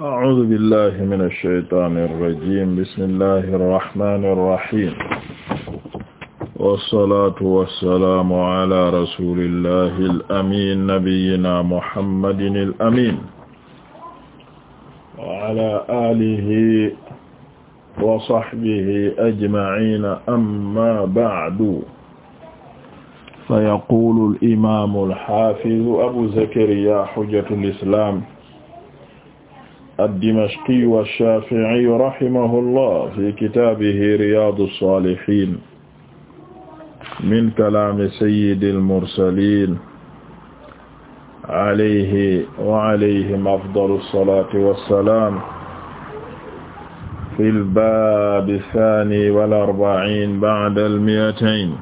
أعوذ بالله من الشيطان الرجيم بسم الله الرحمن الرحيم والصلاة والسلام على رسول الله الأمين نبينا محمد الأمين وعلى آله وصحبه أجمعين أما بعد فيقول الإمام الحافظ أبو زكريا حجة الإسلام ad-Dimashqi ash-Shafi'i rahimahullah fi kitaabihi Riyaadu s-Saalihiin min kalaami sayyidil mursaliin alayhi wa alayhim afdalu s-salaati wa s-salaam fil baabi s-saani wal arba'iin ba'da l-mi'atayn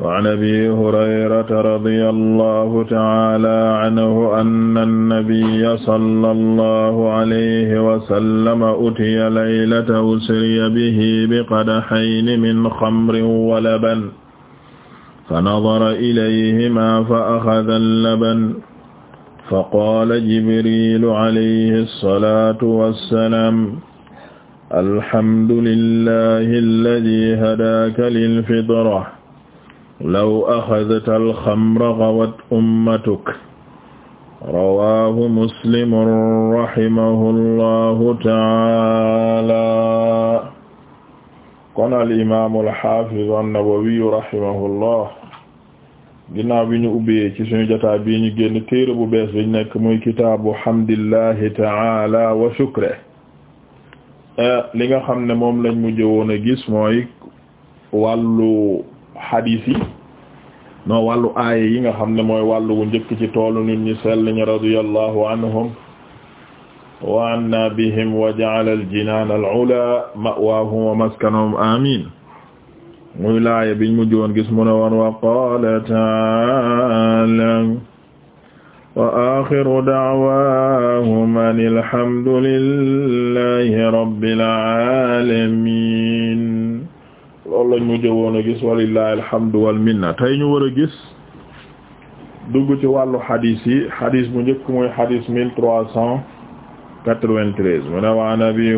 وعن أبي هريرة رضي الله تعالى عنه أن النبي صلى الله عليه وسلم أتي ليلة أسري به بقدحين من خمر ولبن فنظر إليهما فأخذ اللبن فقال جبريل عليه الصلاة والسلام الحمد لله الذي هداك للفطرة law axadta alxamra gawat ummatuk rawaahu muslimun rahimahu llahu taala kon alimamu alxafidu annawawiyu rahimahu llah ginnaaw bi ñu ubbee ci suñu jotaa bi ñu génn téere bu bees biñ nekk muy kitaabu hamdillahi taala wa shukre eh, li nga xam ne moom lañ mujj woon a gis mooy wàllu xadiis yi noo wàllu aaya yi nga xam ne mooy wàllu wu njëkk ci toolu nit ñi sell ñi radiyallahu anhum wa anna bihim wa ja'ala al-jinaan al-'ulaa ma'waahum wa maskanahum amiin muy laaya biñ mujjoon gis mu ne woon wa qaala ta'aala wa aaxiru da'waahum ani alhamdulillahi rabbil aalamiin loolu lañ mujj woon a gis walillahi alhamdu wal minna tey ñu war a gis dugg ci wàllu xadiis yi xadiis bu njëkk mooy trois cent quatre-vingt-treize mu ne waan abi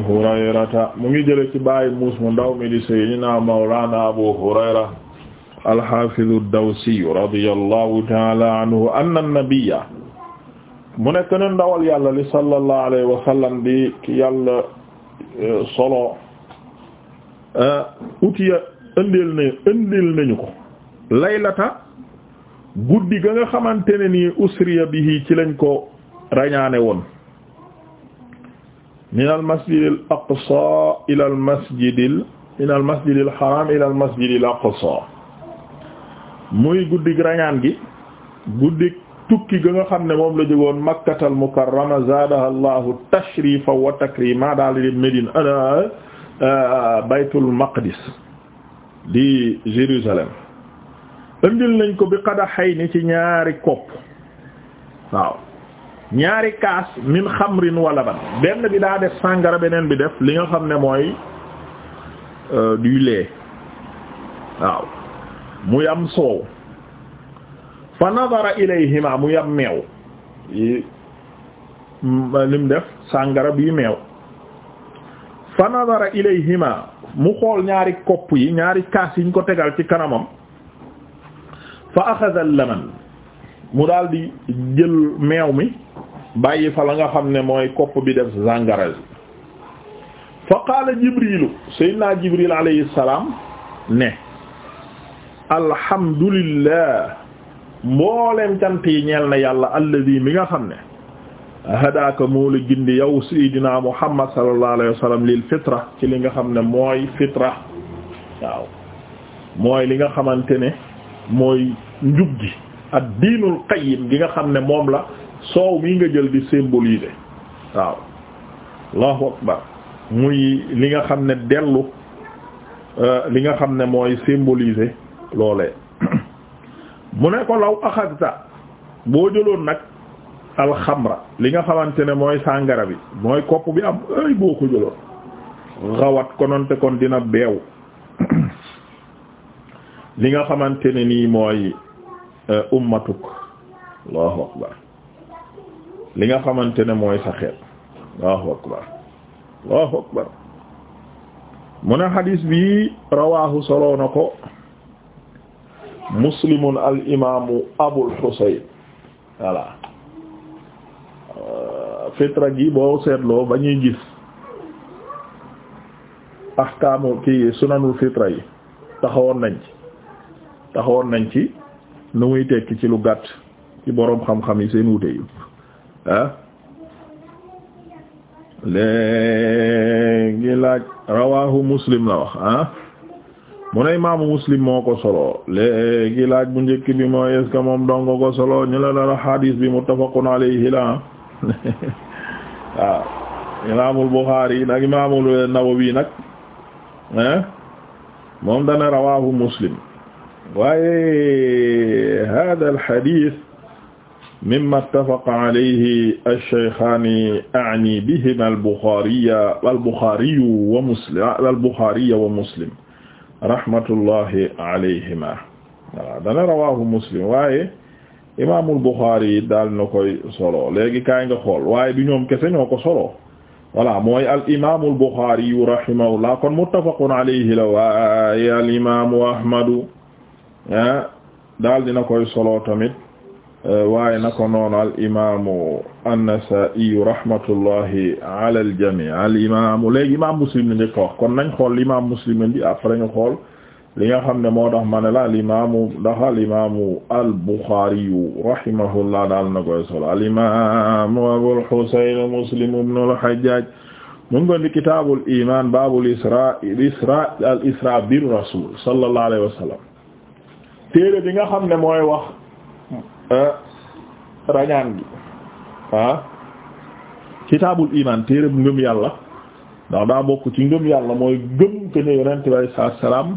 mu ngi jële ci bàyyi muus mu ndaw mi di sayyidina mawlana abu hurayra alxafidu dawsi radiyallahu taala anna nabiyya mu nekk ne ndawal yàlla li sallallahu alayhi wa sallam bi ki yàlla eh, solo Euh, utiya indil na indil nañu ko laylata guddi ga nga xamante ne nii usriya bihi ci lañ ko rañaane woon min al masjid al aqsa ila al masjid min al masjid al haram ila muy guddig rañaan gi guddig tukki ga nga xam ne moom la jógoon makkatal mukarrama zaadaha allahu tashrifan wa takrima daal di Medina Euh, baytul maqdis di Jérusalem indil nañ ko bi qadaxayni ci ñaari kopp waaw kaas min xamrin wa laban benn bi daa def sàngara beneen bi def li nga xam ne mooy euh, du lait waaw mu yam soow fa nadara ilayhima mu yam meew yi mm, lim def sàngara bi meew fa nadara ilayhima mu xool ñaari kopp yi ñaari kaas yiñ ko tegal ci kanamam fa axada laman mu daal di jël meew mi bàyyi fa la nga xam ne mooy kopp bi def zàngara fa qaala jibrilu sayyidina jibril alayhi salaam ne alhamdulillah mboolem cant ñeel na yàlla alladi mi nga xam ne hadaaka moo la gindi yow Seydina Muhammad sallallahu alayhi wa sallam fitra ci li nga xam ne mooy fitra waaw mooy li nga xamante ne mooy njub gi ak diinul qayyim gi nga xam ne moom la soow mii nga jël di symboliser waaw allahu akbar muy li nga xam ne dellu euh, li nga xam ne mooy symboliser loolee mu ne ko law axadta boo jëloon nag alxamra li nga xamante ne mooy sàngara bi mooy kopp bi am ay boo ko jëloon xawat kononte kon dina beew li nga xamante ne nii mooy euh, ummatuk allahu akbar li nga xamante ne mooy sa xeet allahu akbar allahu akbar mu ne xadis bi rawaahu soloo ko muslimun al imaamu abul xusayn voilà Euh, fitra gi boo seetloo ba ñuy gis ahkaamu ki sunanul fitra yi taxawoon nañ ci taxawoon nañ ci nu muy tekki ci lu gàtt ci boroom xam-xam yi seen wute yi ah léegi laaj rawahu muslim la wax ah mu ne imaamu muslim moo ko solo léegi laaj bu njëkk bi mooy est moom dongo ko solo ñu la dara xadiis bi muttafaqun alayhi la ah. waaw ah, imaamul Buxaari nag imaamul Nawawi nag ah, moom dana rawaahu Muslim waaye haadal hadiis mimma ittafaqa alayhi ash-shaykhaani a'ni bihimaa al-Buxaariyya al-Buxaariyyu wa Muslim al-Buxaariyya wa Muslim rahmatullahi alayhimaa dana rawaahu Muslim waaye imaamul Buxaari yi daal na koy solo léegi kaay nga xool waaye du ñoom kese ñoo ko solo voilà mooy al imaamul Buxaari yu rahimahullah kon muttafaqun alayhi la waaye al imaamu Ahmadu ah, daal dina solo tamit eh, waaye na ko noonu al imaamu i nasaai rahmatullahi ala al léegi imaam Muslim la njëkk wax kon nañ xool imaam Muslim bi après ñu xool. li nga xam ne moo tax ma ne la alimaamu ndax alimaamu al-Bukhariyu rahimahullah daal na koy solo alimaamu Abul Husayn Muslim ibn al-Hajjaj mu ngi woon di kitaabul iimaan baabul isra isra al-isra bir rasul sallallahu alayhi wa sallam téere bi nga xam ne mooy wax eh, rañaan gi ah kitaabul iimaan téere bu ngëm yàlla ndax daa bokk ci ngëm yàlla mooy gëm ke ne yonent bi alayhi salaam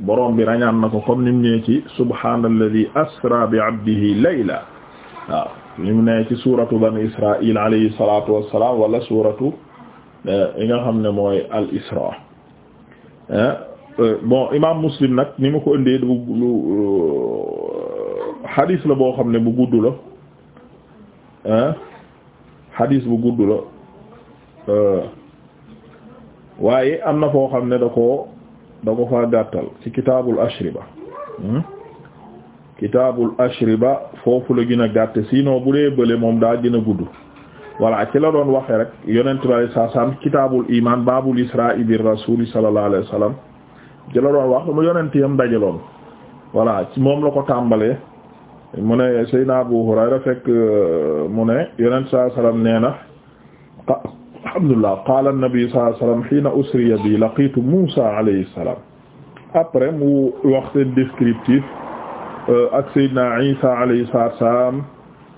borom bi rañaan na ko comme ni mu nee ci subhaanalladhi asra bi abdihi layla waaw ni mu nee ci suuratu bani israil alayhi salaatu wassalaam wala suuratu eh, yi nga xam ne mooy al isra eh, eh, bon imaam muslim nag ni ma ko indee xadis la boo xam ne bu gudd la xadiis bu gudd la waaye am na foo xam ne da ko da ko fa gàttal ci kitaabul ashriba hmm? kitaabul ashriba foofu la gën a gàtte sino bu dee bële moom daal gën a gudd voilà ci la doon waxee rek yonent bi saa saam kitaabul iman baabul isra'i bir rasul sallallahu alayhi wasallam ci la doon wax mu yonent yam dajaloon voilà ci moom la ko tàmbalee mu ne Seydina Abu Hurayra fekk mu ne yonent saa sallam nee na alhamdulillah qaala an-nabi sallallahu alayhi wasallam hiina usriya bi laqiitu Muusaa alayhi salaam après mu wax seen descriptif euh, ak Seydina Isa alayhi salaam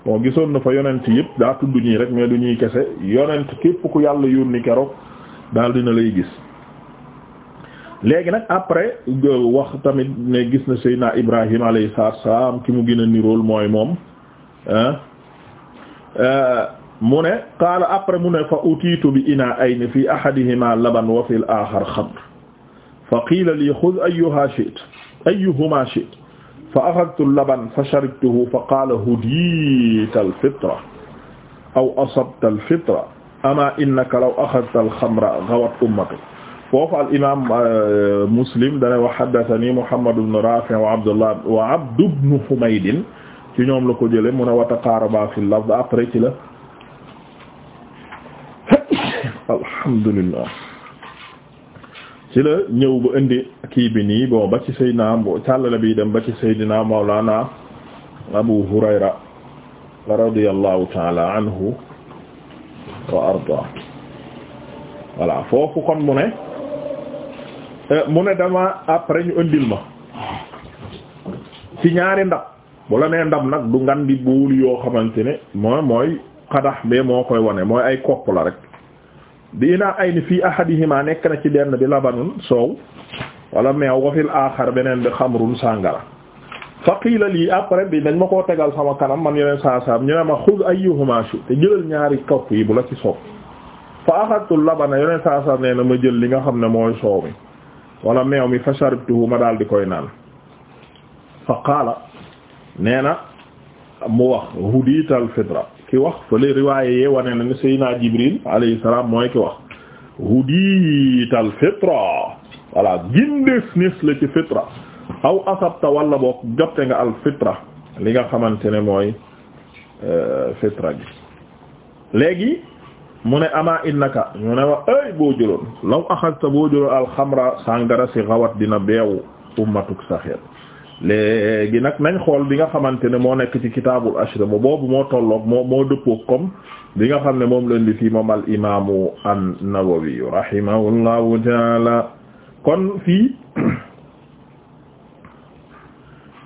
moo gisoon na fa yonent yëpp daa tudd ñii rek mais du ñuy kese yonent képp ku yàlla yónni keroog daal dina lay gis léegi nag après wax tamit ne gis na Seydina Ibrahim alayhi salaam ki mu gën a nirool mooy moom ah mu ne qaala après mu ne fa utiitu bi inaa ayni fi ahadihima laban wa fi l axar xamr fa qiila lii xud ayyuha shi'ta ayyuhuma shi'ta fa axadtu laban fa sharibtuhu fa qaala hudiita alfitra aw asabta alfitra ama innaka law axadta alxamra gawat ummatuk foofu al imaam euh, muslim dana wa haddathani muhammad ibn raafi' wa abdullah wa abdu ibn humayd ci ñoom la ko jëlee mu ne wa taqaaraba fi al-lafz après ci la alhamdulillah ci la ñëw ba indi kii bi nii bon ba ci Seydina bo càllale bi dem ba ci Seydina Mawlana Abu Hurayra radiyallahu taala anhu wa arda voilà foofu kon mu ne eh, mu ne dama après ñu indil ma ci ñaari ndab bu la nee boolu yoo xamante mooy mooy xadax bee moo koy wane mooy ay kopp la rek bi inaa ay ni fii ahadihima nekk na ci benn bi labanun soow wala meew wa fil aaxar beneen bi xamrun sàngara fa qiila lii après bi dañ ma koo tegal sama kanam man yeneen saa saam ñu ne ma xud ayyuhuma shi te jëlal ñaari kopp yi bu la ci soow fa axadtu labana yeneen saa saam ma jël li nga xam ne mooy soow mi wala meew mi fa sharibtuhu ma daal di koy naan fa qaala nee na mu wax hudiital fitra ki wax fële riwaaye yee wane na ne Seydina Jibril alayhi salaam mooy ki wax hudiital fitra voilà gindees nis la ci fitra aw asabta walla boog jotte nga al fitra li nga xamante ne mooy euh, fitra gi léegi mu ne ama innaka ñu ne wa ay boo jëloon law axasta boo jëloon alxamra sàngara si xawat dina beewu ummatuk sa léegi nag nañ xool bi nga xamante ne moo nekk ci kitaabul ashra mo boobu moo tolloog moo moo kom comme bi nga xam ne moom leen di fii moom al imaamu an-Nawawi rahimahullahu taala kon fii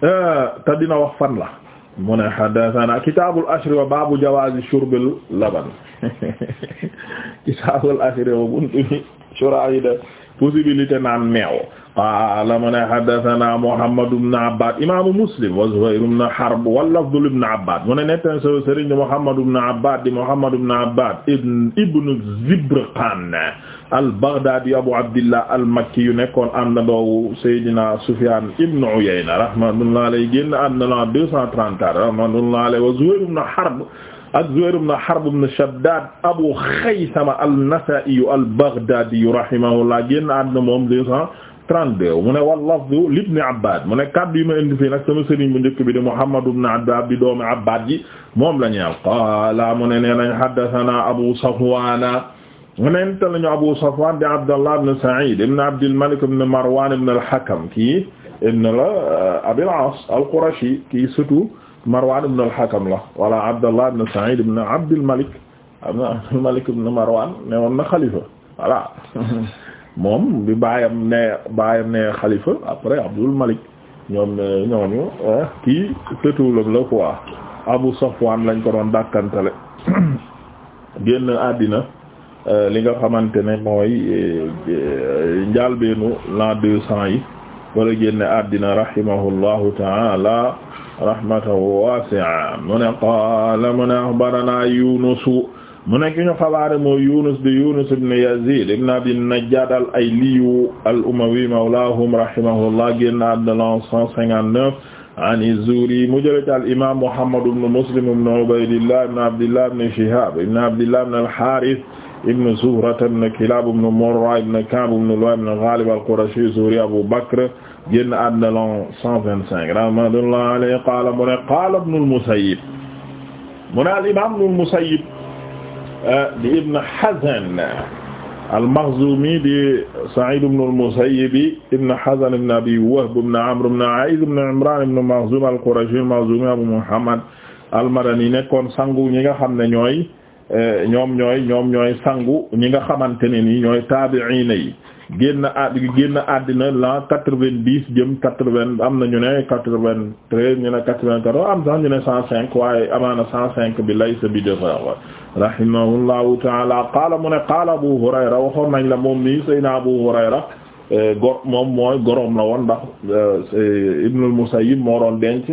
euh, te dina wax fan la mu ne hadathana kitaabul ashri baabu jawaazi shurbil laban kitaabul ashri wa buntu ni naan meew qaala mu ne haddathana Muhammad ibn Abbad imaamu Muslim wa Zuhayr ibn Harb wa lafdu ibn Abbad mu ne nettali sa sëriñ di Muhammad ibn Abbad di Muhammad ibn Abbad ibn Zibrqaan al-Baghdaadi Abu Abdillah al-Makki yu nekkoon àndandoo Seydina Sufyaan ibn Uyayna rahmatullahi alayhi génn àndandoo 234 rahmatullahi alayhi wa Zuhayr ibn Harb ak Zuhayr ibn Harb ibn Shaddad Abu Khaythama an-Nasaa'i al-Baghdaadi rahimahullah génn ànd moom 200 32 mu ne wal lafzu libni Abbad mu ne kaddu yi ma indi fii nag sama sëriñ bu njëkk bi di Muhammad ibn Abbad di doomi Abbad ji moom la ñuy qaala mu ne nee nañ haddathana Abu Safwana mu ne te lañu Abu Safwan di Abdallah ibn Sa'id ibn Abdil Malik ibn Marwan ibn al-Hakam kii ibn la euh, Abil As al-Qurashi kii surtout Marwan ibn al-Hakam la wala Abdallah ibn Sa'id ibn Abdil Malik ibn Abdil Malik ibn Marwan ne woon na xalifa voilà moom bi baayam ne baayam ne xalifa après Abdul Malik ñoom ñooñu kii sëtuwulam la quoi Abu Safwan lañ ko doon dàkkantale génn àddina euh, li nga xamante ne mooy euh, njaalbeenu l'an deux cents yi wala génne àddina rahimahullahu taala rahmatan wasi'a mu ne qaala mu ne axbarana Yunusu mu nekk ñu xabaare mooy Yunus di Yunus ibn Yazid ibn Abi Najjad al-Ayli al-Umawi mawlahum rahimahullah génn àddina l'an 159 an az-Zuhri mu jëlee ci al-imam Muhammad ibn Muslim ibn Ubaydillah ibn Abdillah ibn Shihab ibn Abdillah ibn al-Harith ibn Zuhra ibn Kilab ibn Murra ibn Ka'b ibn Lu'ay ibn Ghalib al-Qurashi az-Zuhri Abu Bakr génn àddina l'an 125 rahmatullahi alayhi qala mu ne qala ibn al-Musayyib mu ne al-imam ibn al-Musayyib Eh, di Ibn Hazan al-Makhzumi di Sa'id ibn al-Musayyib ibn Hazan ibn Abi Wahb ibn Amr ibn A'id ibn Imran ibn Makhzum al-Qurashi al-Makhzumi Abu Muhammad al-Madani nekkoon sangu ñi nga xam ne ñooy eh, ñoom ñooy ñoom ñooy sangu ñi nga xamante ne nii ñooy taabi'iin yi génn ad génn àddina la quatre-vingt-dix jëm quatre-vingt am na ñu ne quatre-vingt-treize ñu ne quatre-vingt-quatorze am sax ñu ne cent cinq waaye amaana cent cinq bi laysa bi dëgër rahimahullahu taala qaala mu ne qaala Abu Hurayra waxoon nañ la moom nii Seydina Abu Hurayra eh, gor moom mooy goroom la woon ndax eh, Ibnul Musayyib moo doon denc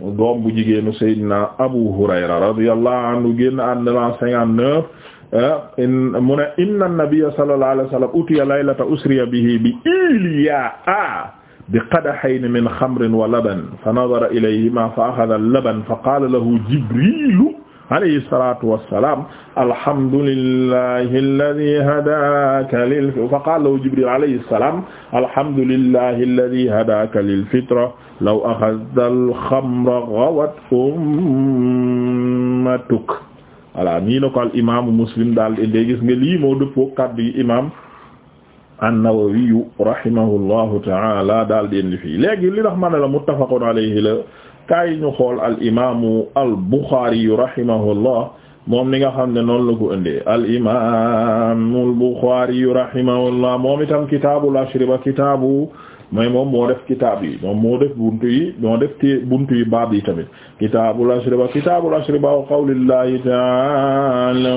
doom bu jigéenu Seydina Abu Hurayra radiyallahu anhu génn àddina l'an cinquante-neuf Ah, mu ne inna nabiyya sallallahu alayhi wa sallam utiya laylata usriya bihi bi Ilya'a bi qadahayn min xamrin wa laban fa nadara ilayhima fa axada laban fa qaala lahu Jibriilu alayhi salaatu wa salaam alhamdulillahi alladhi hadaaka lil fa qaala lahu Jibriil alayhi salaam alhamdulillahi alladhi hadaaka lil fitra law axadta al xamra ghawat ummatuk voilà nii na al imaamu muslim daal de gis nga lii moo dëppoo kaddu yi imaam an-Nawawi di indi fii léegi li tax ma la muttafaqun alayhi la kaay ñu xool al imaamu al Bukhari rahimahullah moom ni nga xam ne noonu la ko indee al imaamu al Bukhari mooy moom moo def kitaab yi moom moo def buntu yi moo def té buntu yi baab yi tamit kitaabul ashriba kitaabul ashriba wa qawlillahi ta'ala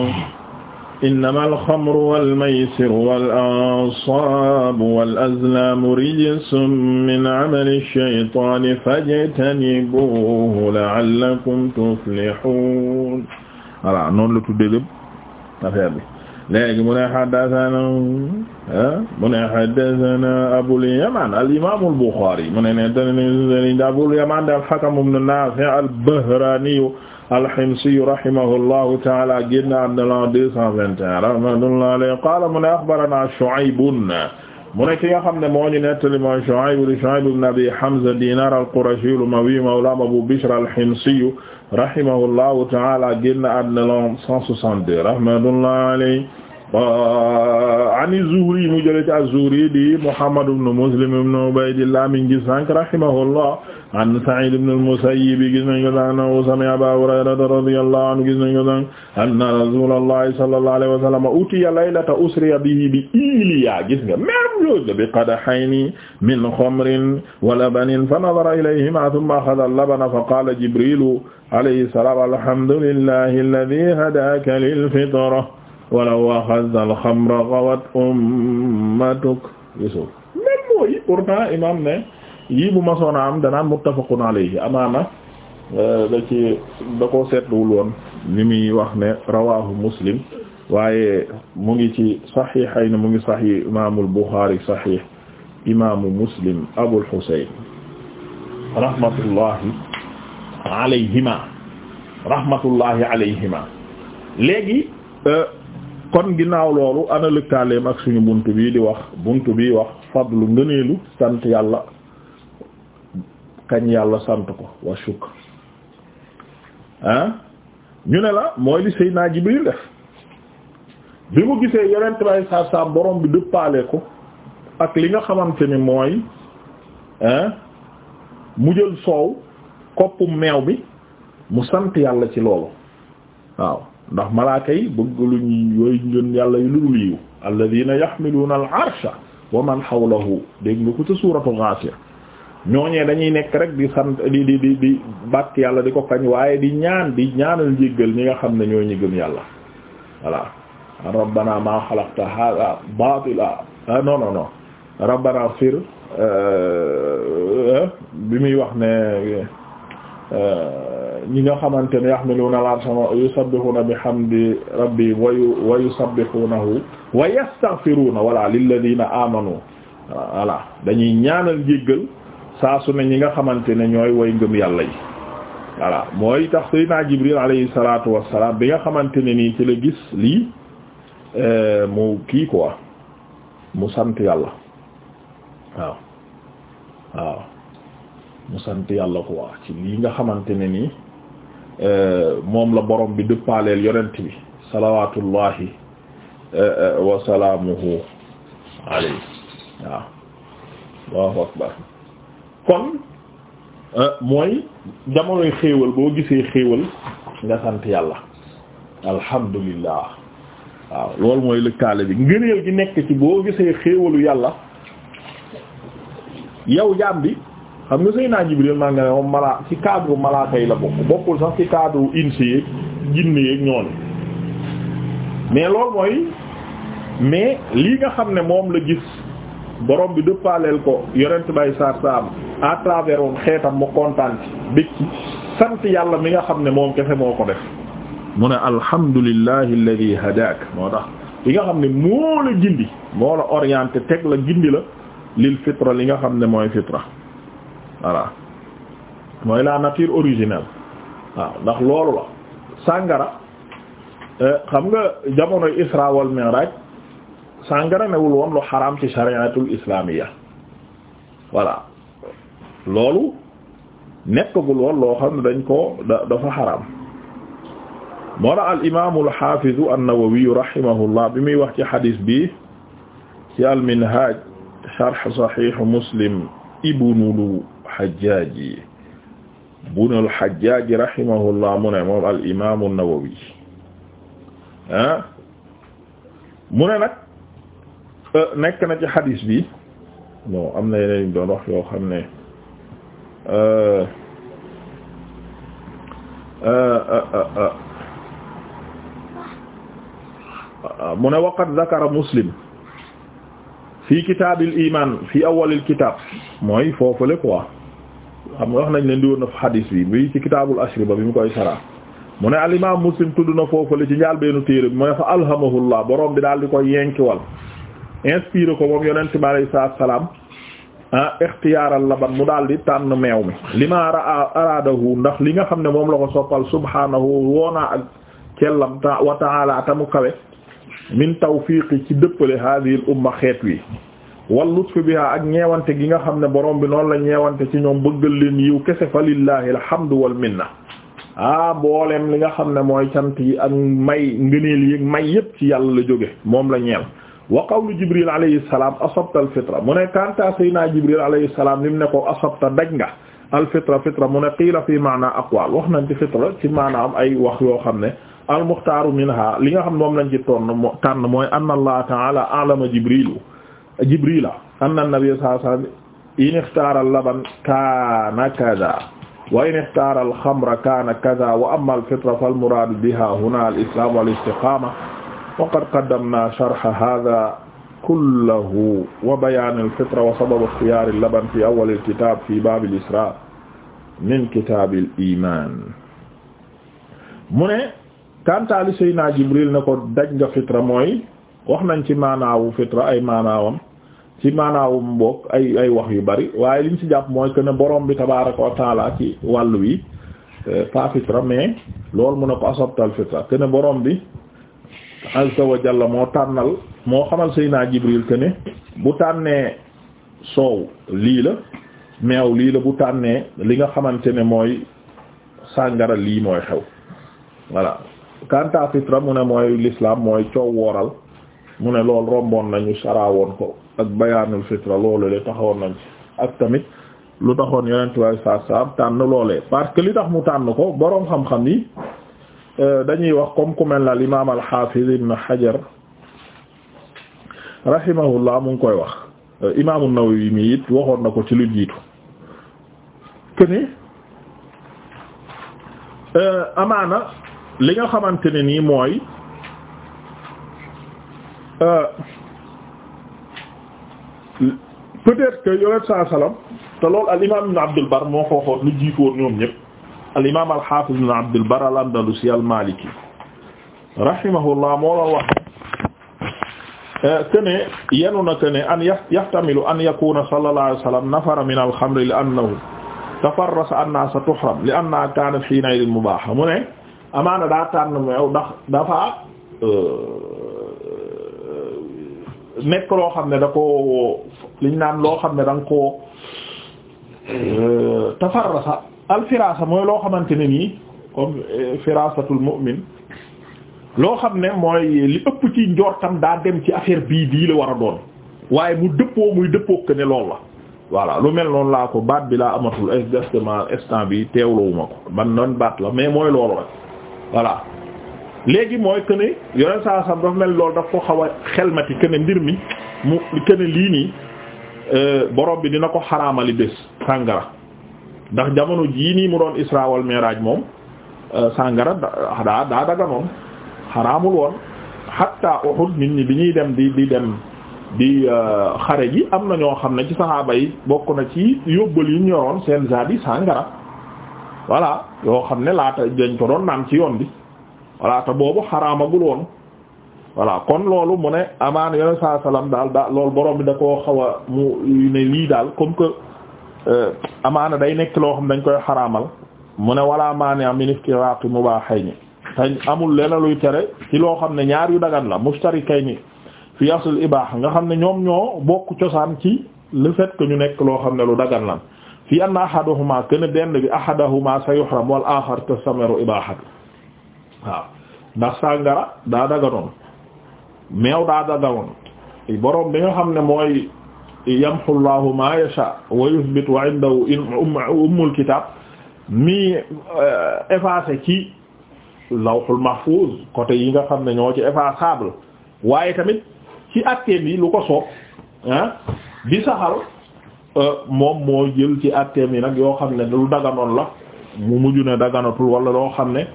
innamal xamru wal maysiru wal ansaabu wal azlaamu rijsun min amali shaytaani fajtanibuuhu la'allakum tuflihuun voilà noonu la tuddee lépp affaire bi léegi mu ne haddathana ah, mu ne haddathana Abul Yaman al-Imam al-Bukhari mu ne ne Abul Yaman al-Hakam ibn Nafi' al-Bahrani al-Himsi rahimahullahu ta'ala génna am na la 221 rahmatullahi alayhi qala mu ne akhbarana Shu'ayb mu ne ki nga xam ne moo ñu nettali mooy Shu'ayb Shu'ayb ibn Abi Hamza Dinar al-Qurashi al-Umawi mawla Abu Bishr al-Himsi rahimahullahu ta'ala génna am na la 162 rahmatullahi alayhi ani Zuhri mu jëlee ci az-Zuhri di Muhammad ibn Muslim ibn Ubaydillah min gis sànq rahimahullah an Sa'id ibn al-Musayyib gis nañ ko sànq na sami'a Aba Hurayra radiyallahu anhu gis nañ ko sànq anna Rasulallahi sallallahu alayhi wa sallam utiya laylata usriya bihi bi Iliya gis nga même chose bi qadahayni min xamrin wa labanin fa nadara ilayhima thumma akhadha al-labana fa qala Jibril alayhi salaam alhamdulillahi alladhi hadaka lil-fitra walaw axada alxamra gawat ummatuk yusuf même mooy pourtant imam ne yii bu masoona am danaan muttafaqun alayhi amaana euh, da ci da ko seetluwul woon li muy wax ne rawahu muslim waaye mu ngi ci saxiixayni mu ngi saxiix imaamul buxaari saxiix imaamu muslim abul xusayn rahmatullahi alayhima rahmatullahi alayhima léegi euh, kon ginnaaw loolu ana lëkkaaleem ak suñu bunt bi di wax bunt bi wax fadlu ngëneelu sant yàlla kañ yàlla sant ko wa shukr ah ñu ne la mooy li Seydina Jibril def bi mu gisee yonent bay saa saa boroom bi dëppaale ko ak li nga xamante ni mooy mu jël soow koppu meew bi mu sant yàlla ci loolu waaw ndax malaaka yi bëgg lu ñu yooyu ngeen yàlla yu ludul yiw alladina yaxmiluuna al arsha wa man hawlahu dégg nga ko ca suuratu Ghaasir ñooñee dañuy nekk rek di sant di di di bàkk yàlla di ko kañ waaye di ñaan di ñaanal jéggal ñi nga xam ne ñoo ñu gëm yàlla voilà rabbana maa xalaqta hada batila ah, non non rabbana fir euh, euh, bi muy wax ne ñi nga xamante ne yahmiluna al-arsha yusabbihuna bihamdi rabbi wa wa yusabbihunahu wa yastaghfiruna wala lilladhina amanu voilà dañuy ñaanal jéggal saa su ne ñi nga xamante ne ñooy way ngëm yàlla yi voilà mooy tax sayyidina Jibril alayhi salatu wassalam bi nga xamante ne nii ci la gis lii euh, mu kii quoi mu sant yàlla waaw waaw ñu sant yàlla ko wax ci lii nga xamante ne nii euh, moom la borom bi dëppaaleel yonent bi salawaatullahi euh, wa salaamuhu alayhi waaw Allahu akbar kon euh, mooy jamonoy xéewal boo gisee xéewal nga sant yàlla alhamdulillah waaw loolu mooy lëkkaale bi ngëneel gi nekk ci boo gisee xéewalu yàlla yow jaam bi xam nga Seydina Jibril maa nga ne moom mala ci cadre malaaka yi la bokk bokkul sax ci cadre insi yeeg jinne yeeg ñoonu mais loolu mooy mais lii nga xam ne moom la gis borom bi dëppaaleel ko yorent bay sar saam à travers woon xeetam mu kontaan ci bég ci sant yàlla mi nga xam ne moom kese moo ko def mu ne alhamdulillahi alladi hadaak moo tax li nga xam ne moo la gindi moo la orienté teg la gindi la lil fitra li nga xam ne mooy fitra voilà mooy la nature originelle waaw ndax loolu la euh, xam nga jamonoy isra wal mi'raj sàngara newul woon lu xaraam ci shari'atul islamiyya voilà loolu nekkagul woon loo xam ne dañ ko da dafa xaraam al imaamul xaafizu bi muy wax ci xadiis bi ci al minhaj sharh sahih muslim ibnulu al-Hajjaaji ibn al-Hajjaaji rahimahullah mu ne moom al-Imaam an-Nawawi ah mu ne nag euh, nekk na ci xadis bi bon am na yeneen doon wax yoo xam ne euh, euh, mu ne waqad zakara Muslim fi kitaabil iimaan fi awwalil kitaab mooy foofule quoi. xam nga wax nañ leen di woon na xadis bi bi ci kitaabul ashriba bi mu koy sara mu ne al imam muslim tudd na foofale ci njaal beenu téere bi mu ne fa alhamahullah borom bi daal di koy yenkiwal inspiré ko moom yonent bi alayhi salaatu salaam ah ixtiyaaral laban mu daal di tànn meew mi lima raa araadahu ndax li nga xam ne moom la ko soppal subhaanahu woonaa ak cellam wa ta'ala tamu kawe min tawfiqi ci dëppale hadhihi al xeet wi wal lutf biha ak ñeewante gi nga xam ne borom bi noonu la ñeewante ci ñoom bëggal leen yiw kese fa lillahi alhamdu wal minna ah booleem li nga xam ne mooy cant yi ak may ngëneel yi may yépp ci yàlla la jóge moom la ñeel wa qawlu jibril alayhi salaam asabta al fitra mu ne kanta sayna jibril alayhi salaam mu ne ko asabta daj nga al fitra fitra mu ne qiila fi maana aqwaal wax nañ ci fitra ci maana am ay wax yoo xam ne al muxtaaru minha li nga xam moom lañ ci tonn tànn mooy anna allah taala alama jibrilu jibrila anna nabiyya sallallahu alayhi wasallam in ixtaara al-laban kaana kaza wa in ixtaara al-xamra kaana kaza wa amma al-fitra fal-muraadu biha huna al-islaam wal-istiqaama wa qad qaddamnaa sharha haazaa kullahu wa bayaan al-fitra wa sabab ixtiyaar al-laban fi awwal al-kitaab fi baab al-israa min kitaab al-iimaan mu ne kantaali Seydina Jibril ne ko daj nga fitra mooy wax nañ ci maanaawu fitra ay maanaawam ci maanaawum boog ay ay wax yu bari waaye liñ ci jàpp mooy que ne borom bi tabaaraka wa taala ci wàll wi euh, pas fitra mais loolu mun na ko asabtal fitra que ne borom bi azza wa jalla moo tànnal moo xamal naa Jibril que ne bu tànnee soow lii la meew lii la bu tànnee li nga xamante ne mooy sàngara lii mooy xew voilà quant à fitra mu ne mooy l'islam mooy coow wooral mu ne loolu romboon nañu saraawoon ko ak bayaanul fitra loolu le taxawoon nañ ci ak tamit lu taxoon yonent waaye saa tànn loolee parce que li tax mu tànn ko boroom xam-xam yi euh, dañuy wax comme ku mel al imaam al xaafiz ibn Hajar rahimahullah mu ngi koy wax euh, imaam an-Nawawi mi waxoon na ko ci lu jiitu këni euh, amaana li nga xamante ne nii mooy Euh, peut-être que yonent saa salaam te loolu al imaam ibn Abdul Bar moo ko waxoon lu jiitoon ñoom ñëpp al imaam al haafiz ibn Abdul Bar al Andalusi al Maliki rahimahullah moo la wax kene euh, yenu na kene an yahtamilu an yakuna sallallahu alayhi wa sallam nafara min al xamri li annahu tafarrasa annaasa tuhram li annaha kaanat hiina idin mubaaha mu ne amaana daa tànn meew ndax dafa euh, nekk loo xam ne da ko liñ naan loo xam ne da nga koo euh, tafarrasa mooy loo xamante ne nii comme euh, firasatul mu'min loo xam ne mooy li ëpp ci njortam daa dem ci affaire bii bii la war a doon waaye mu dëppoo muy dëppoo que ne loolu la voilà lu mel noonu laa ko baat bi laa amatul exactement instant bi teewlawuma ko man baat la mais mooy loolu rek voilà léegi mooy que ne saa sam mel loolu daf ko xaw a xelmati que mbir mi mu que ne lii nii euh, borom bi dina ko xaraamali bés sàngara ndax jamono jii nii mu doon isra wal moom euh, sàngara daa daa daganoon xaraamul woon hatta Uhud nit ñi bi ñuy dem di di dem di euh, xare ji am na ñoo xam ne ci saxaaba yi bokk na ci yóbbal yi ñoroon seen zaadi sàngara voilà yoo xam ne laata dañ ko doon naan ci yoon bi voilà te boobu xaraamagul woon voilà kon loolu mu ne amaan yone saa daal daa loolu boroom bi da koo xaw a mu ne lii daal comme que euh, amaana day nekk loo xam ne dañ koy xaraamal mu ne wala maani am ministirati mubahayni te amul leena luy tere ci loo xam ne ñaar yu dagan la mushtarikayni fi asl ibaha nga xam ne ñoom ñoo bokk cosaan ci le fait que ñu nekk loo xam ne lu dagan la fi anna ahaduhuma kene benn bi ahaduhuma sayuhram wal akhar tasamaru waaw ndax sàngara daa daganoon meew daa daganoon boroom bi nga xam ne mooy yamhu llahu ma yasha wa wa indahu um-, ummul kitab mi eh, effacé ci lawhul mahfuz côté yi nga xam ne ñoo ci effaçable waaye tamit ci àttee bi lu ko soob ah bi saxal eh, moom moo jël ci àttee bi nag yoo xam ne lu daganoon la mu mujj ne daganatul wala loo xam ne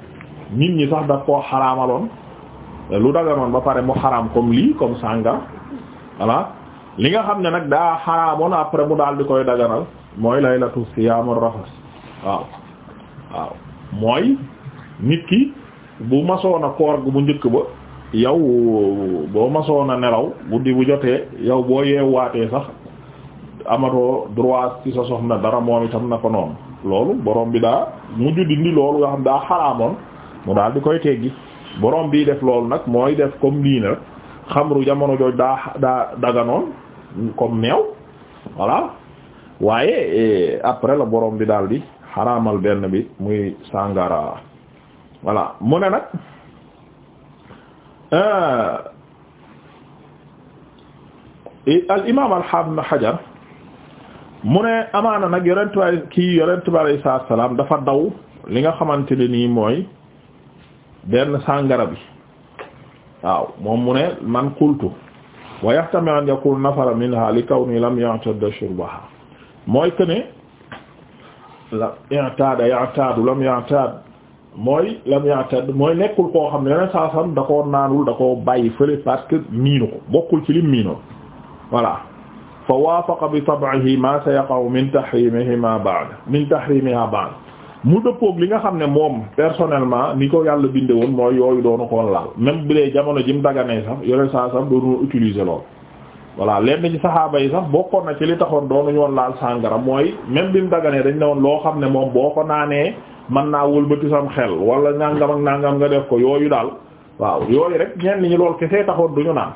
nit ñi sax daf koo xaraamaloon lu daganoon ba pare mu xaraam comme lii comme sàngara voilà li nga xam ne nag daa xaraamoon après mu daal di koy daganal mooy laylatu siyaamul rafas waaw waaw mooy nit ki bu masoon a koor gu bu njëkk ba yow boo masoon a nelaw guddi bu jotee yow boo yeewaatee sax amatoo droit ci sa soxna dara moom itam na ko noonu loolu borom bi daa mujj dindi loolu nga xam daa xaraamoon mu daal di koy teggi boroom bii def loolu nag mooy def comme lii na rek xamru jamono jooj daa daa daganoon comme meew voilà waaye e, après la borom bi daal di xaraamal benn bi muy sàngara voilà mu ne nag euh, al imaam al haafid ibn Hajar mu ne amaana nag yonent bi kii yonent bi alayhi salaam dafa daw li nga xamante ne nii mooy benn sàngara bi waaw moom mu ne man qultu wa yahtami an yakun nafara minha li kawni lam ya'tad shurbaha mooy que ne la i'taada ya'taadu lam ya'taad mooy lam ya'taad mooy nekkul koo xam ne yeneen saa sam da koo naanul da koo bàyyi fële parce que miinu ko bokkul ci lim miinoon voilà fa waafaqa bi tab'ihi ma sayaqa'u min tahrimihi ma ba'da min tahrimiha ba'da mu dëppoog li nga xam ne moom personnellement ni ko yàlla binde woon mooy yooyu doonu koon laal même bu dee jamono ji mu daganee sax yore saa sax doonu utiliser lool voilà lenn yi sax bokkoon na ci li taxoon doonu ñoon laal sàngara mooy même bi mu daganee dañ ne woon loo xam ne moom boo ko naanee mën naa wëlbati sam xel wala nangam ak nangam nga def ko yooyu daal waaw yooyu rek ñenn ñi lool kese taxoon du ñu naan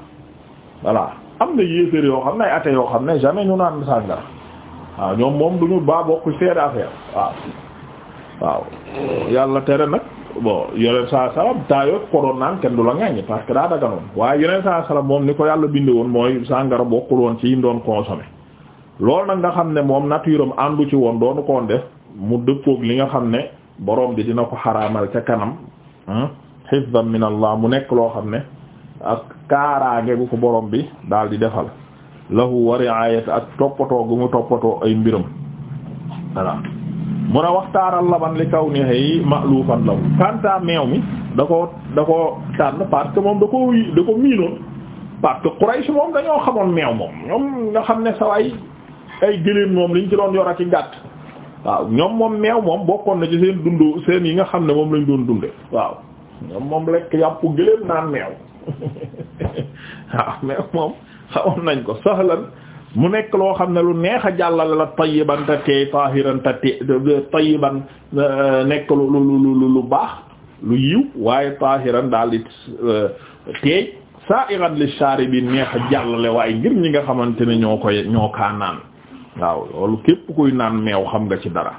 voilà am na yéeféer yoo xam ne ay ate yoo xam ne jamais ñu naan sàngara waaw ñoom moom du ñu baa bokk seede affaire waaw waaw yàlla tere nag bo yoneen saa salaam taayoot ko doon naan kenn du la ngàññi parce que daa daganoon waaye yoneen saa salaam moom ni ko yàlla bind woon mooy sàngara bokkul woon ci yim doon consommer loolu nag nga xam ne moom nature am àndu ci woon doonu koon def mu dëppoog li nga xam ne borom bi dina ko xaraamal ca kanam hifzan min allah mu nekk loo xam ne ak kaaraange gu ko borom bi daal di defal lahu wa riayat ak toppatoo gu mu toppatoo ay mbiram mun a waxtaaral laban li kaw nii ma'lufan lahu kanta meew mi da ko da ko tànn parce que moom da ko da ko miinoon parce que Quraysh moom dañoo xamoon meew moom ñoom nga xam ne sawaay ay gëléem moom liñ ci doon yor ak i gàtt waaw ñoom moom meew moom bokkoon na ci seen dundu seen yi nga xam ne moom lañ doon dunde waaw ñoom moom lekk yàpp gëléem naan meew waaw meew moom xamoon nañ ko sahlan mu nekk loo xam ne lu neex a jàllale la tayyiban te teey taahiran te teey tayyiban euh, nekk lu lu lu lu baax lu yiw waaye taahiran daal di euh, teey sa'iran li sharibi neex a jàllale waaye ngir ñi nga xamante ne ñoo koy ñoo kaa naan waaw loolu képp kuy naan meew xam nga ci dara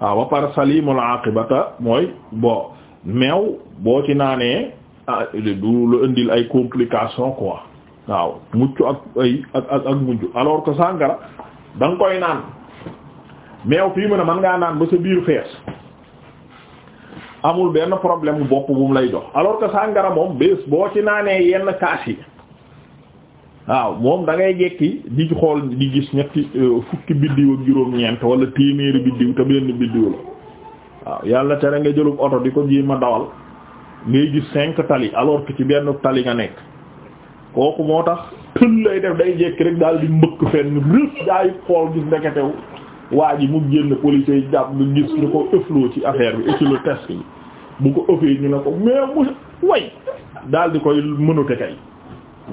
waaw ba pare salimul aqibata mooy bo meew boo ci naanee ah, lu indil ay complications quoi waaw mucc ak ay ak ak mujj alors que sàngara da koy naan meew fii mu ne mën ngaa naan ba sa biir fees amul benn problème bu bopp bu mu lay jox alors que sàngara moom bés boo ci naanee yenn kaas yi waaw moom da ngay jekki di xool di gis ñetti euh, fukki biddiw ak juróom-ñeent wala téeméeri biddiw te benn biddiw la waaw yàlla tere nga jëlub oto di ko jéem a dawal ngay gis cinq tali alors que ci benn tali nga nekk. kooku moo tax tën lay def day jekki rek daal di mbëkk fenn rëf daayi xool gis ndeketew waa ji mu génn police yi jàpp gis ñu ko ëfloo ci affaire bi étude test bi bu ko ëffee ñu ne ko mais mu way daal di koy mënute kay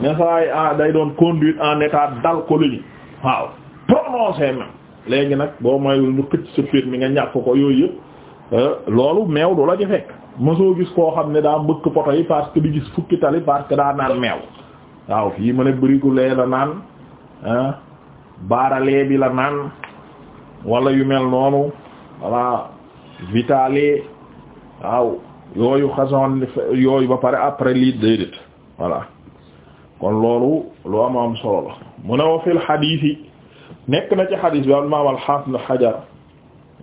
nesaay ah day doon conduite en état d'alcoolémie waaw prononcé même léegi nag boo mayul ñu xëcc sa permis nga ñàkk ko yooyu yëpp euh, loolu meew du la ci fekk mosoo gis koo xam ne daa mbëkk poto yi parce que di gis fukki tali parce que daa meew waaw fii ma ne bëriku lee la naan bi la naan wala yu mel noonu voilà vitale waaw yooyu xason yooyu ba pare après lii déedéet voilà kon loolu lu am solo la mu ne wa fil xadiis nekk na ci xadiis bi al-imaam al-haafiz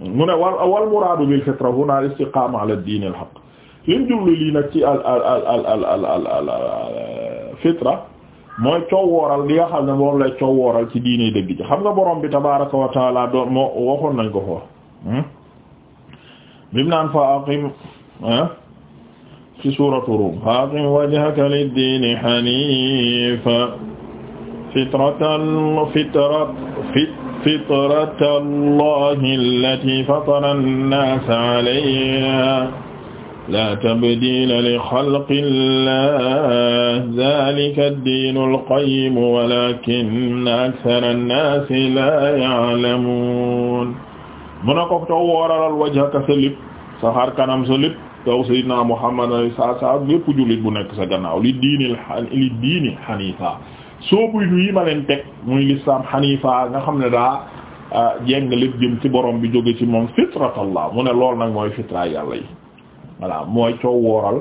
ibn wala mu ne wal wal muraadu bil fitra huna al-istiqaama al-haqq liñ jublu lii nag ci al fitra mooy coow wooral li nga xam ne moom lay coow wooral ci diine dëgg ji xam nga borom bi tabaaraka wa taala doon moo waxoon nañ ko foof hmm? bimu naan fa aqim fi suuratu Ruum fa aqim wajhaka lid-diini haniifa fitratal fitrat fit fitratal laahi allatii fatara an-naasa alayhaa laa tabdiila li xalqillaah zaalika diinul qayyim walaakinna aksara nnaasi laa ya'lamuun mën na ko taw wooralal wajhaka sa lépp sa xar kanam sa lépp taw sayyidina Muhammad alayhi salaam bépp jullit bu nekk sa gannaaw li diinil li diini xaniifa soobu yi ma leen teg muy lislaam xaniifa nga xam ne daa ah, jeng lépp jëm ci borom bi jóge ci moom fitratallah mu ne lool nag mooy fitra yàlla yi. voilà mooy coow wooral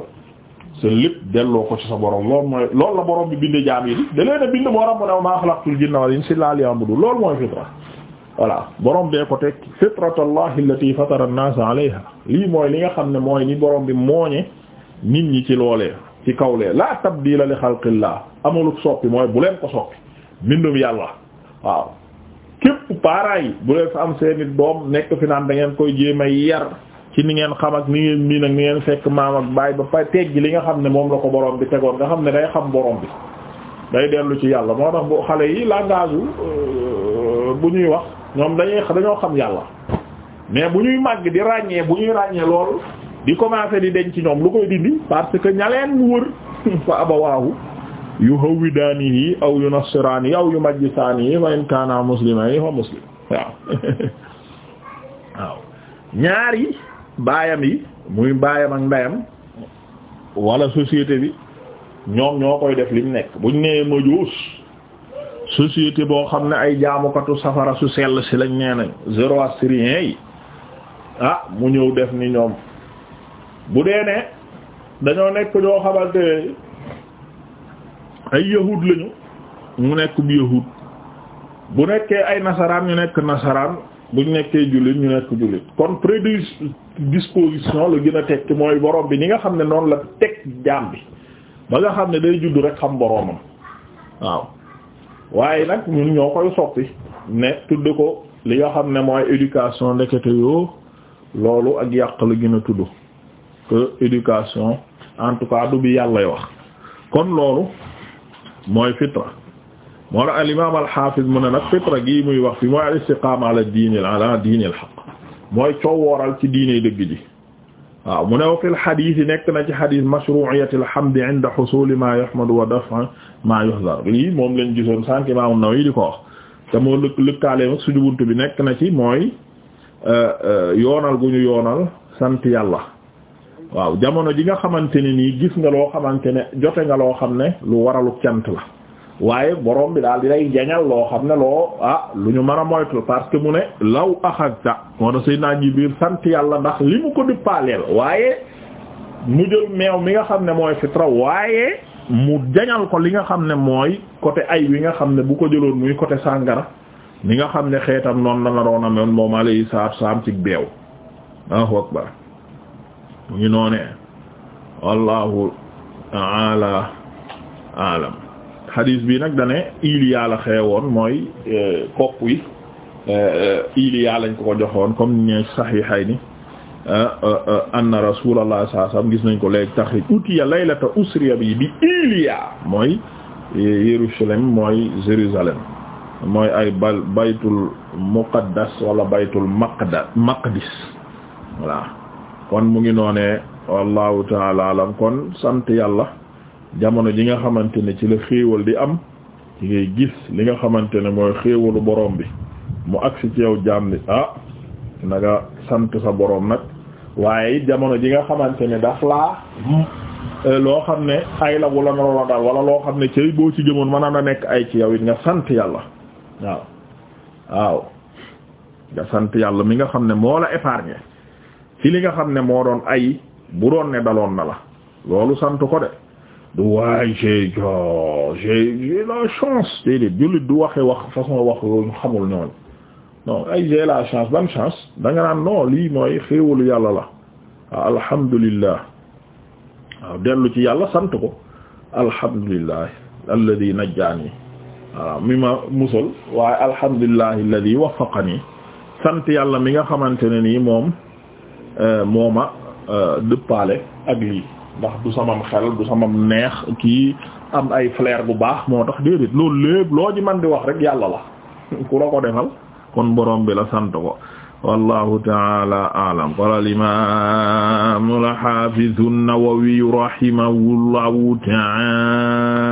sa lépp delloo ko ci sa borom loolu mooy loolu la borom bi binde jaam yi di da leen a bind moo ram mu ne maa xalaqtul jinna wal insa illaa liya'budun loolu mooy fitra voilà borom bee ko teg fitratallahi allati lii mooy li nga xam ne mooy ni borom bi mooñe nit ñi ci loolee ci kawlee la tabdila li xalqillah amulub soppi mooy bu leen ko soppi mbindum yàlla waaw képp parents yi bu leen fa am seeni doom nekk fi naan da koy jéem ci ni ngeen xam ak ni ngeen miin ak ni ngeen fekk maam ak baay ba pare teggi li nga xam ne moom la ko borom bi tegoon nga xam ne day xam borom bi day dellu ci yàlla moo tax bu xale yi langage euh, bu ñuy wax ñoom dañuy dañoo xam yàlla mais bu ñuy màgg di ràññee bu ñuy ràññee lool di commencer di denc ci ñoom lu koy dindi parce que ñaleen mu wër fa abawaahu yu hawwidaanihi aw yu nasiraanihi aw yu majjisaanihi fa in kaana musliman fa muslim waaw waaw ñaari baayam yi muy baayam ak ndeyam wala société bi ñoom ñoo koy def limu nekk buñ nee majuus société boo xam ne ay jaamukatu safara su sell si lañ nee nañ zoroastrien yi ah mu ñëw def ni ñoom bu dee ne dañoo nekk ñoo xamante ay yahud lañu mu nekk bu yahud bu nekkee ay nasaraan ñu nekk nasaraan buñ nekkee jullit ñu nekk jullit kon prédis disposition la gën a teg ci mooy boroom bi ni nga xam ne noonu la teg jaam bi ba nga xam ne day juddu rek xam boromam waaw waaye nag ñun ñoo koy soppi ne tudd ko li nga xam ne mooy éducation ndekete yoo loolu ak yàq la gën a tudd que éducation en tout cas du bi yàllay wax kon loolu mooy fitra moo tax al imam al hafiz mu ne nag fitra gii muy wax fi mooy al istiqama ala diinil ala diinil haqq mooy coow wooral ci diine dëgg ji waaw mu ne wa fil xadiis yi nekk na ci xadiis mashru'iyatil hamdi inda xusuli ma yuhmadu wa daf'i ma lii moom lañ gisoon sànq Imaam Nawawi di ko wax te moo lëkk lëkkaale mag suñu bunt bi nekk na ci mooy euh, euh, yoonal gu ñu yoonal sant yàlla waaw jamono ji nga xamante ne nii gis nga loo xamante ne jote nga loo xam ne lu waralu cant la waaye borom bi daal di lay jañal loo xam ne loo ah lu ñu mën a moytu parce que mu ne law axadta moo na say naa Jibriil sant yàlla ndax li mu ko duppaaleel waaye mu jël meew mi nga xam ne mooy fitra waaye mu jañal ko li nga xam ne mooy côté ay wi nga xam ne bu ko jëloon muy côté sàngara mi nga xam ne xeetam noonu la la roon a moon moom alayhi salaatu salaam ci beew Allahu akbar mu ngi noonee wallahu ta'ala a'lam xadiis bi nag dane iliya la xewoon mooy kopp euh, yi euh, euh, iliya lañ ko ko joxoon comme ñee saxiixay ni anna rasulallah saa saam gis nañ ko léegi taxrij utiya laylata usriya bi bi iliya mooy Yerusalem mooy Jérusalem mooy ay bal baytul muqaddas wala baytul maqda maqdis voilà kon mu ngi noonee wallahu taala alam kon sant yàlla jamono ji nga xamante ne ci la xéewal di am ci ngay gis li nga xamante ne mooy xéewalu boroom bi mu agsi ci yow jaam bi ah na nga sant sa boroom nag waaye it jamono ji nga xamante ne daf laa eh, loo xam ne ay la wala la daal wala loo xam ne cay boo ci jëmoon maanaam na nekk ay ci yow it nga sant yàlla waaw waaw nga sant yàlla mi nga xam ne moo la épargné ci li nga xam ne moo doon ay bu doon ne daloon na la loolu sant ko de du waay j'ai oh, j'ai j'ai la chance déedéet jullit du waxee wax façon wax yooyu xamul ay j'ai la chance ban chance da nga lii mooy xéewalu yàlla la waaw ah, alhamdulillah ah, dellu ci yàlla sant ko alhamdulillah alladi najjaani waaw ah, mi ma musal waaye alhamdulillah alladi waffaqani sant yàlla mi nga xamante ne nii moom eh, mooma eh, dëppaale ak lii ndax du samam neex kii am ay flair bu baax moo tax déedéet loolu lépp loo ji man di wax rek yàlla la ku la ko defal kon borom bi la sant ko wallahu taala aalam qala al-imam al-hafiz an taala